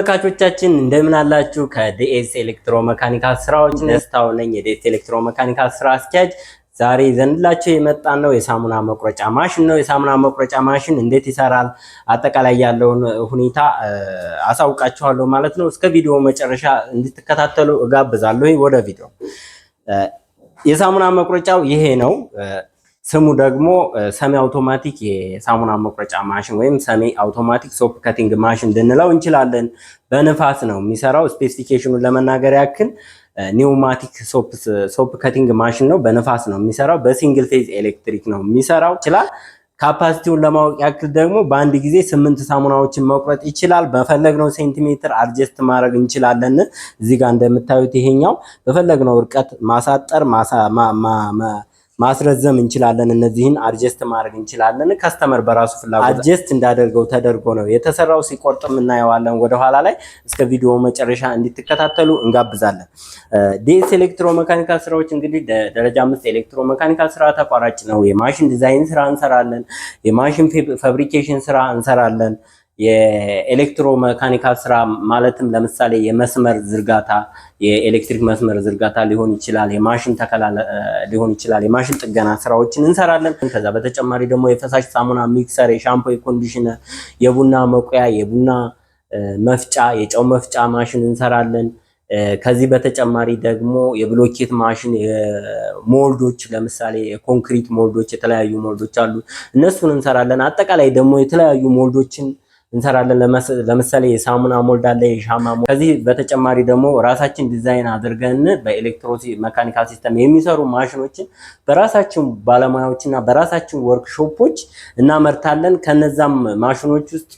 ተመልካቾቻችን እንደምን አላችሁ? ከዲኤስ ኤሌክትሮ ስራዎች ደስታው ነኝ፣ የዲኤስ ኤሌክትሮ ስራ አስኪያጅ። ዛሬ ዘንድላችሁ የመጣን ነው የሳሙና መቁረጫ ማሽን ነው። የሳሙና መቁረጫ ማሽን እንዴት ይሰራል፣ አጠቃላይ ያለውን ሁኔታ አሳውቃችኋለሁ ማለት ነው። እስከ ቪዲዮ መጨረሻ እንድትከታተሉ እጋብዛለሁ። ወደ ቪዲዮ የሳሙና መቁረጫው ይሄ ነው። ስሙ ደግሞ ሰሚ አውቶማቲክ የሳሙና መቁረጫ ማሽን ወይም ሰሚ አውቶማቲክ ሶፕ ከቲንግ ማሽን ልንለው እንችላለን። በንፋስ ነው የሚሰራው። ስፔሲፊኬሽኑን ለመናገር ያክል ኒውማቲክ ሶፕ ከቲንግ ማሽን ነው። በንፋስ ነው የሚሰራው። በሲንግል ፌዝ ኤሌክትሪክ ነው የሚሰራው ይችላል። ካፓሲቲውን ለማወቅ ያክል ደግሞ በአንድ ጊዜ ስምንት ሳሙናዎችን መቁረጥ ይችላል። በፈለግነው ሴንቲሜትር አድጀስት ማድረግ እንችላለን። እዚህ ጋር እንደምታዩት ይሄኛው በፈለግነው እርቀት ማሳጠር ማስረዘም እንችላለን። እነዚህን አድጀስት ማድረግ እንችላለን። ከስተመር በራሱ ፍላጎት አድጀስት እንዳደርገው ተደርጎ ነው የተሰራው። ሲቆርጥም እናየዋለን ወደኋላ ላይ። እስከ ቪዲዮ መጨረሻ እንዲትከታተሉ እንጋብዛለን። ዴስ ኤሌክትሮ መካኒካል ስራዎች እንግዲህ ደረጃ አምስት ኤሌክትሮ መካኒካል ስራ ተቋራጭ ነው። የማሽን ዲዛይን ስራ እንሰራለን። የማሽን ፋብሪኬሽን ስራ እንሰራለን። መካኒካል ስራ ማለትም ለምሳሌ የመስመር ዝርጋታ፣ የኤሌክትሪክ መስመር ዝርጋታ ሊሆን ይችላል፣ የማሽን ተከላ ሊሆን ይችላል። የማሽን ጥገና ስራዎችን እንሰራለን። ከዛ በተጨማሪ ደግሞ የፈሳሽ ሳሙና፣ ሚክሰር፣ የሻምፖ፣ የኮንዲሽነር፣ የቡና መቁያ፣ የቡና መፍጫ፣ የጨው መፍጫ ማሽን እንሰራለን። ከዚህ በተጨማሪ ደግሞ የብሎኬት ማሽን ሞልዶች፣ ለምሳሌ የኮንክሪት ሞልዶች፣ የተለያዩ ሞልዶች አሉ፣ እነሱን እንሰራለን። አጠቃላይ ደግሞ የተለያዩ ሞልዶችን እንሰራለን። ለምሳሌ የሳሙና ሞልድ አለ፣ የሻማ ሞልድ። ከዚህ በተጨማሪ ደግሞ ራሳችን ዲዛይን አድርገን በኤሌክትሮ መካኒካል ሲስተም የሚሰሩ ማሽኖችን በራሳችን ባለሙያዎችና በራሳችን ወርክሾፖች እናመርታለን። ከነዛም ማሽኖች ውስጥ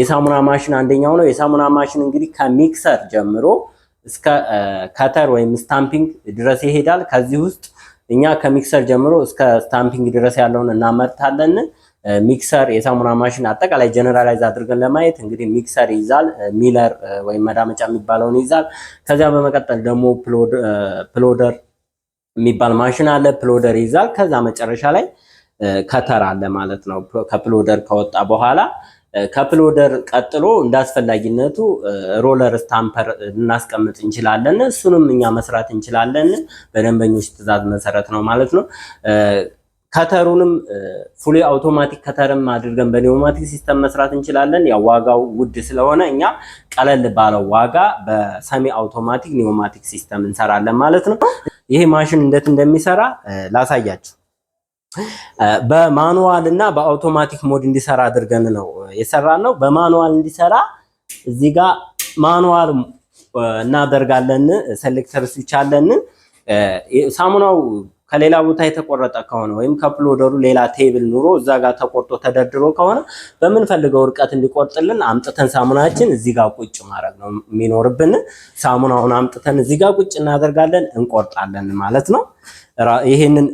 የሳሙና ማሽን አንደኛው ነው። የሳሙና ማሽን እንግዲህ ከሚክሰር ጀምሮ እስከ ከተር ወይም ስታምፒንግ ድረስ ይሄዳል። ከዚህ ውስጥ እኛ ከሚክሰር ጀምሮ እስከ ስታምፒንግ ድረስ ያለውን እናመርታለን። ሚክሰር፣ የሳሙና ማሽን አጠቃላይ ጀነራላይዝ አድርገን ለማየት እንግዲህ ሚክሰር ይይዛል፣ ሚለር ወይም መዳመጫ የሚባለውን ይይዛል። ከዚያ በመቀጠል ደግሞ ፕሎደር የሚባል ማሽን አለ፣ ፕሎደር ይይዛል። ከዛ መጨረሻ ላይ ከተር አለ ማለት ነው። ከፕሎደር ከወጣ በኋላ ከፕሎደር ቀጥሎ እንዳስፈላጊነቱ ሮለር ስታምፐር ልናስቀምጥ እንችላለን። እሱንም እኛ መስራት እንችላለን፣ በደንበኞች ትዕዛዝ መሰረት ነው ማለት ነው። ከተሩንም ፉሊ አውቶማቲክ ከተርም አድርገን በኒውማቲክ ሲስተም መስራት እንችላለን። ያው ዋጋው ውድ ስለሆነ እኛ ቀለል ባለው ዋጋ በሰሚ አውቶማቲክ ኒውማቲክ ሲስተም እንሰራለን ማለት ነው። ይሄ ማሽን እንዴት እንደሚሰራ ላሳያችሁ። በማኑዋል እና በአውቶማቲክ ሞድ እንዲሰራ አድርገን ነው ነው። በማኑዋል እንዲሰራ እዚህ ጋር ማኑዋል እናደርጋለን። ሴሌክተር ስዊች አለን። ሳሙናው ከሌላ ቦታ የተቆረጠ ከሆነ ወይም ከፕሎደሩ ሌላ ቴብል ኑሮ እዛ ጋር ተቆርጦ ተደርድሮ ከሆነ በምንፈልገው ርቀት እንዲቆርጥልን አምጥተን ሳሙናችን እዚህ ጋር ቁጭ ማድረግ ነው የሚኖርብን። ሳሙናውን አምጥተን እዚህ ጋር ቁጭ እናደርጋለን፣ እንቆርጣለን ማለት ነው። ይሄንን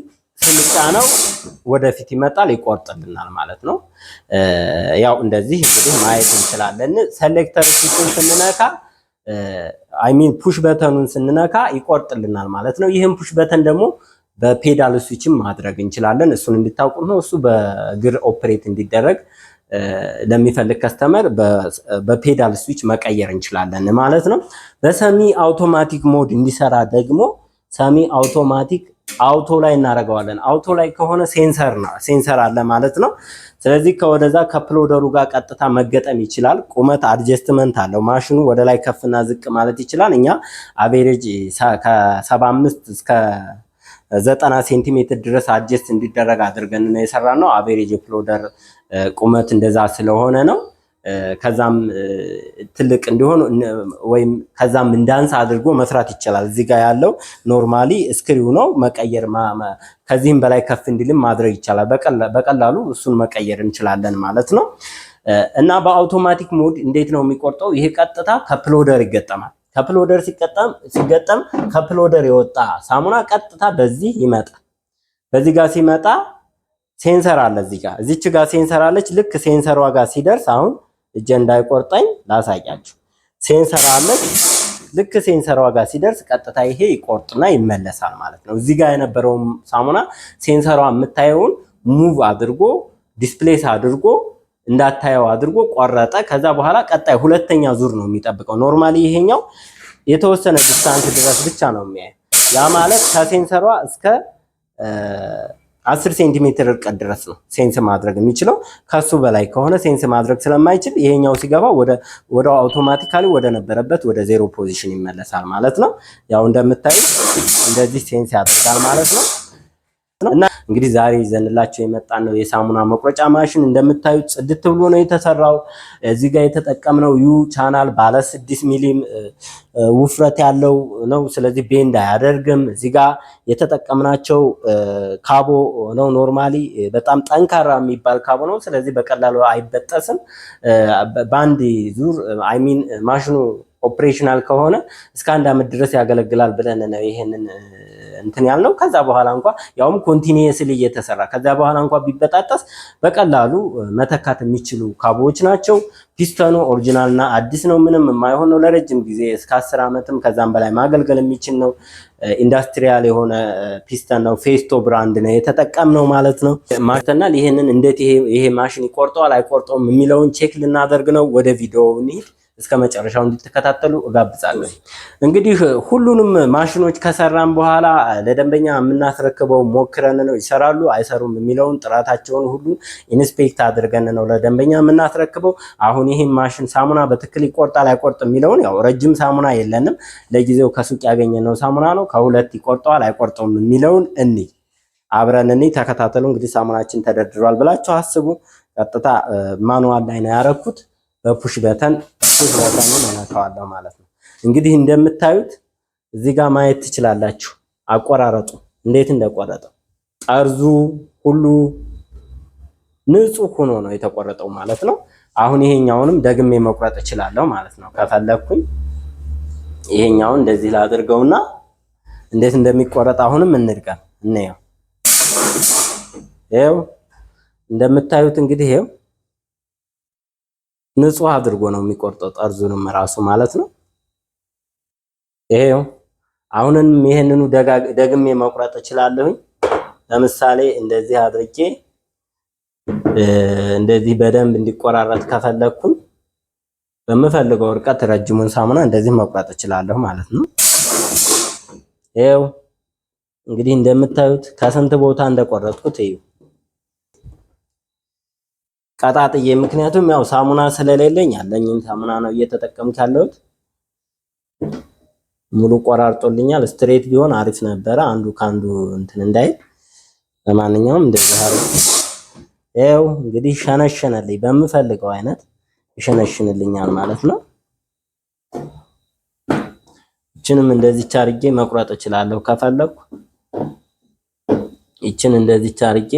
ስልጫ ነው ወደፊት ይመጣል፣ ይቆርጥልናል ማለት ነው። ያው እንደዚህ እንግዲህ ማየት እንችላለን። ሴሌክተር ፊቱን ስንነካ ሚን ፑሽ በተኑን ስንነካ ይቆርጥልናል ማለት ነው። ይህም ፑሽ በተን ደግሞ በፔዳል ስዊችም ማድረግ እንችላለን። እሱን እንድታውቁ ነው። እሱ በእግር ኦፕሬት እንዲደረግ ለሚፈልግ ከስተመር በፔዳል ስዊች መቀየር እንችላለን ማለት ነው። በሰሚ አውቶማቲክ ሞድ እንዲሰራ ደግሞ ሰሚ አውቶማቲክ አውቶ ላይ እናደርገዋለን። አውቶ ላይ ከሆነ ሴንሰር ነው ሴንሰር አለ ማለት ነው። ስለዚህ ከወደዛ ከፕሎደሩ ጋር ቀጥታ መገጠም ይችላል። ቁመት አድጀስትመንት አለው ማሽኑ ወደ ላይ ከፍና ዝቅ ማለት ይችላል። እኛ አቬሬጅ ከ75 እስከ ዘጠና ሴንቲሜትር ድረስ አጀስት እንዲደረግ አድርገን ነው የሰራ ነው። አቬሬጅ ፕሎደር ቁመት እንደዛ ስለሆነ ነው። ከዛም ትልቅ እንዲሆን ወይም ከዛም እንዳንስ አድርጎ መስራት ይችላል። እዚህ ጋር ያለው ኖርማሊ እስክሪው ነው መቀየር ከዚህም በላይ ከፍ እንዲልም ማድረግ ይቻላል። በቀላሉ እሱን መቀየር እንችላለን ማለት ነው። እና በአውቶማቲክ ሞድ እንዴት ነው የሚቆርጠው? ይሄ ቀጥታ ከፕሎደር ይገጠማል። ከፕሎደር ሲገጠም ከፕሎደር የወጣ ሳሙና ቀጥታ በዚህ ይመጣል። በዚህ ጋር ሲመጣ ሴንሰር አለ እዚህ ጋር እዚች ጋር ሴንሰር አለች። ልክ ሴንሰሯ ጋር ሲደርስ አሁን እጄ እንዳይቆርጠኝ ላሳያችሁ። ሴንሰር አለች። ልክ ሴንሰሯ ጋር ሲደርስ ቀጥታ ይሄ ይቆርጥና ይመለሳል ማለት ነው። እዚህ ጋር የነበረው ሳሙና ሴንሰሯ የምታየውን ሙቭ አድርጎ ዲስፕሌስ አድርጎ እንዳታየው አድርጎ ቆረጠ። ከዛ በኋላ ቀጣይ ሁለተኛ ዙር ነው የሚጠብቀው። ኖርማሊ ይሄኛው የተወሰነ ዲስታንስ ድረስ ብቻ ነው የሚያየው። ያ ማለት ከሴንሰሯ እስከ አስር ሴንቲሜትር ርቀት ድረስ ነው ሴንስ ማድረግ የሚችለው። ከሱ በላይ ከሆነ ሴንስ ማድረግ ስለማይችል ይሄኛው ሲገባ ወደ አውቶማቲካሊ ወደ ነበረበት ወደ ዜሮ ፖዚሽን ይመለሳል ማለት ነው። ያው እንደምታዩ እንደዚህ ሴንስ ያደርጋል ማለት ነው። ነው እና እንግዲህ ዛሬ ይዘንላቸው የመጣን ነው የሳሙና መቁረጫ ማሽን። እንደምታዩት ጽድት ብሎ ነው የተሰራው። እዚህ ጋር የተጠቀምነው ዩ ቻናል ባለ ስድስት ሚሊም ውፍረት ያለው ነው። ስለዚህ ቤንድ አያደርግም። እዚህ ጋር የተጠቀምናቸው ካቦ ነው። ኖርማሊ በጣም ጠንካራ የሚባል ካቦ ነው። ስለዚህ በቀላሉ አይበጠስም። በአንድ ዙር አይሚን ማሽኑ ኦፕሬሽናል ከሆነ እስከ አንድ አመት ድረስ ያገለግላል ብለን ነው ይሄንን እንትን ያልነው። ከዛ በኋላ እንኳ ያውም ኮንቲኒየስሊ እየተሰራ ከዛ በኋላ እንኳ ቢበጣጠስ በቀላሉ መተካት የሚችሉ ካቦዎች ናቸው። ፒስተኑ ኦሪጂናል እና አዲስ ነው። ምንም የማይሆን ነው። ለረጅም ጊዜ እስከ አስር አመትም ከዛም በላይ ማገልገል የሚችል ነው። ኢንዱስትሪያል የሆነ ፒስተን ነው። ፌስቶ ብራንድ ነው የተጠቀምነው ማለት ነው። ማተናል ይህንን እንዴት ይሄ ማሽን ይቆርጠዋል አይቆርጠውም የሚለውን ቼክ ልናደርግ ነው። ወደ ቪዲዮ እንሂድ። እስከ መጨረሻው እንድትከታተሉ እጋብዛለሁ። እንግዲህ ሁሉንም ማሽኖች ከሰራን በኋላ ለደንበኛ የምናስረክበው ሞክረን ነው ይሰራሉ አይሰሩም የሚለውን ጥራታቸውን ሁሉ ኢንስፔክት አድርገን ነው ለደንበኛ የምናስረክበው። አሁን ይህም ማሽን ሳሙና በትክክል ይቆርጣል አይቆርጥም የሚለውን ያው ረጅም ሳሙና የለንም ለጊዜው ከሱቅ ያገኘነው ሳሙና ነው። ከሁለት ይቆርጠዋል አይቆርጠውም የሚለውን እኒ አብረን እኒ ተከታተሉ። እንግዲህ ሳሙናችን ተደርድሯል ብላችሁ አስቡ። ቀጥታ ማኑዋል ላይ ነው ያረኩት በፑሽ በተን ብረቱን እመታዋለሁ ማለት ነው። እንግዲህ እንደምታዩት እዚህ ጋር ማየት ትችላላችሁ። አቆራረጡ እንዴት እንደቆረጠው ጠርዙ ሁሉ ንጹህ ሆኖ ነው የተቆረጠው ማለት ነው። አሁን ይሄኛውንም ደግሜ መቁረጥ እችላለሁ ማለት ነው ከፈለኩኝ። ይሄኛውን እንደዚህ ላድርገውና እንዴት እንደሚቆረጥ አሁንም እንድቀን እንየው። ይኸው እንደምታዩት እንግዲህ ይኸው ንጹህ አድርጎ ነው የሚቆርጠው ጠርዙንም ራሱ ማለት ነው። ይሄው አሁንም ይሄንኑ ደግሜ መቁረጥ እችላለሁኝ። ለምሳሌ እንደዚህ አድርጌ እንደዚህ በደንብ እንዲቆራረጥ ከፈለግኩኝ በምፈልገው ርቀት ረጅሙን ሳሙና እንደዚህ መቁረጥ እችላለሁ ማለት ነው። ይሄው እንግዲህ እንደምታዩት ከስንት ቦታ እንደቆረጥኩት እዩ። ቀጣጥዬ ምክንያቱም ያው ሳሙና ስለሌለኝ ያለኝን ሳሙና ነው እየተጠቀምኩ ያለሁት። ሙሉ ቆራርጦልኛል። ስትሬት ቢሆን አሪፍ ነበረ፣ አንዱ ከአንዱ እንትን እንዳይል። ለማንኛውም እንደዚህ ያው እንግዲህ ሸነሸነልኝ፣ በምፈልገው አይነት ይሸነሽንልኛል ማለት ነው። ይችንም እንደዚች አርጌ መቁረጥ እችላለሁ ከፈለኩ። ይችን እንደዚች አርጌ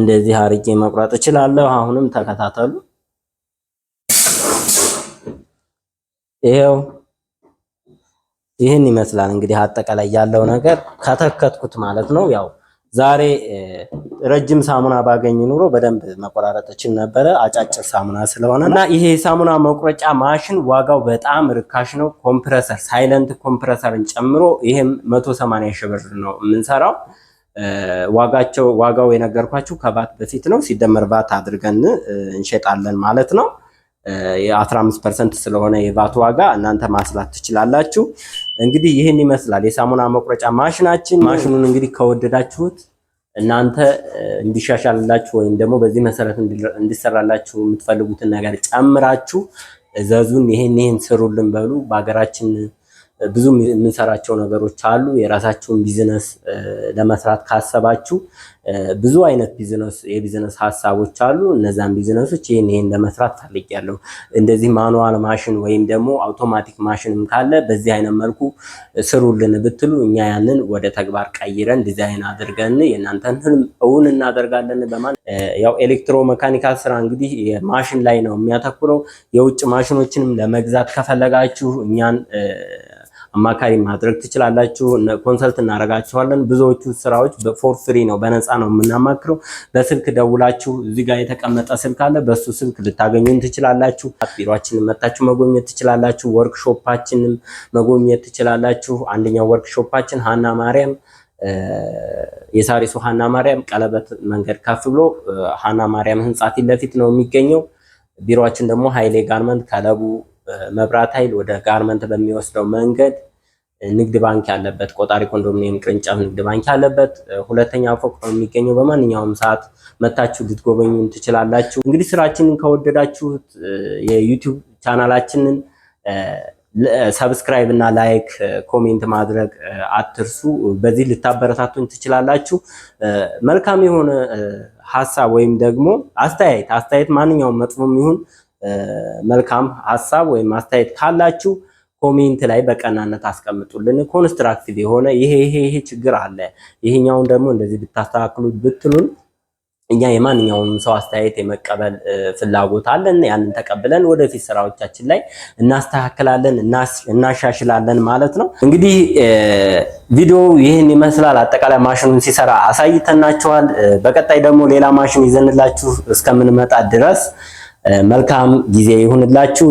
እንደዚህ አርጌ መቁረጥ እችላለሁ። አሁንም ተከታተሉ። ይሄው ይህን ይመስላል እንግዲህ አጠቃላይ ያለው ነገር ከተከትኩት ማለት ነው። ያው ዛሬ ረጅም ሳሙና ባገኝ ኑሮ በደንብ መቆራረጥ እችል ነበረ፣ አጫጭር ሳሙና ስለሆነ እና ይሄ ሳሙና መቁረጫ ማሽን ዋጋው በጣም ርካሽ ነው። ኮምፕረሰር ሳይለንት ኮምፕረሰርን ጨምሮ ይህም መቶ ሺህ ብር ነው የምንሰራው። ዋጋቸው ዋጋው የነገርኳችሁ ከቫት በፊት ነው። ሲደመር ቫት አድርገን እንሸጣለን ማለት ነው። የ15 ፐርሰንት ስለሆነ የቫት ዋጋ እናንተ ማስላት ትችላላችሁ። እንግዲህ ይህን ይመስላል የሳሙና መቁረጫ ማሽናችን። ማሽኑን እንግዲህ ከወደዳችሁት እናንተ እንዲሻሻልላችሁ ወይም ደግሞ በዚህ መሰረት እንዲሰራላችሁ የምትፈልጉትን ነገር ጨምራችሁ እዘዙን። ይህን ይህን ስሩልን በሉ በሀገራችን ብዙ የምንሰራቸው ነገሮች አሉ። የራሳችሁን ቢዝነስ ለመስራት ካሰባችሁ ብዙ አይነት ቢዝነስ የቢዝነስ ሀሳቦች አሉ። እነዛን ቢዝነሶች ይህን ይህን ለመስራት ፈልጌያለሁ፣ እንደዚህ ማኑዋል ማሽን ወይም ደግሞ አውቶማቲክ ማሽንም ካለ በዚህ አይነት መልኩ ስሩልን ብትሉ እኛ ያንን ወደ ተግባር ቀይረን ዲዛይን አድርገን የእናንተን ህልም እውን እናደርጋለን። በማለት ያው ኤሌክትሮ መካኒካል ስራ እንግዲህ ማሽን ላይ ነው የሚያተኩረው። የውጭ ማሽኖችንም ለመግዛት ከፈለጋችሁ እኛን አማካሪ ማድረግ ትችላላችሁ። ኮንሰልት እናደርጋችኋለን። ብዙዎቹ ስራዎች በፎር ፍሪ ነው፣ በነፃ ነው የምናማክረው። በስልክ ደውላችሁ እዚህ ጋር የተቀመጠ ስልክ አለ፣ በሱ ስልክ ልታገኙን ትችላላችሁ። ቢሮችንን መታችሁ መጎብኘት ትችላላችሁ። ወርክሾፓችንም መጎብኘት ትችላላችሁ። አንደኛው ወርክሾፓችን ሀና ማርያም የሳሪሱ ሀና ማርያም ቀለበት መንገድ ከፍ ብሎ ሀና ማርያም ህንፃ ፊት ለፊት ነው የሚገኘው። ቢሮችን ደግሞ ሀይሌ ጋርመንት ከለቡ መብራት ኃይል ወደ ጋርመንት በሚወስደው መንገድ ንግድ ባንክ ያለበት ቆጣሪ ኮንዶሚኒየም ቅርንጫፍ ንግድ ባንክ ያለበት ሁለተኛ ፎቅ ነው የሚገኘው። በማንኛውም ሰዓት መታችሁ ልትጎበኙን ትችላላችሁ። እንግዲህ ስራችንን ከወደዳችሁት የዩቲዩብ ቻናላችንን ሰብስክራይብ እና ላይክ፣ ኮሜንት ማድረግ አትርሱ። በዚህ ልታበረታቱን ትችላላችሁ። መልካም የሆነ ሀሳብ ወይም ደግሞ አስተያየት አስተያየት ማንኛውም መጥፎም ይሁን መልካም ሀሳብ ወይም አስተያየት ካላችሁ ኮሜንት ላይ በቀናነት አስቀምጡልን። ኮንስትራክቲቭ የሆነ ይሄ ይሄ ይሄ ችግር አለ፣ ይሄኛውን ደግሞ እንደዚህ ብታስተካክሉት ብትሉን እኛ የማንኛውንም ሰው አስተያየት የመቀበል ፍላጎት አለን። ያንን ተቀብለን ወደፊት ስራዎቻችን ላይ እናስተካክላለን፣ እናሻሽላለን ማለት ነው። እንግዲህ ቪዲዮ ይህን ይመስላል። አጠቃላይ ማሽኑን ሲሰራ አሳይተናችኋል። በቀጣይ ደግሞ ሌላ ማሽን ይዘንላችሁ እስከምንመጣ ድረስ መልካም ጊዜ ይሁንላችሁ።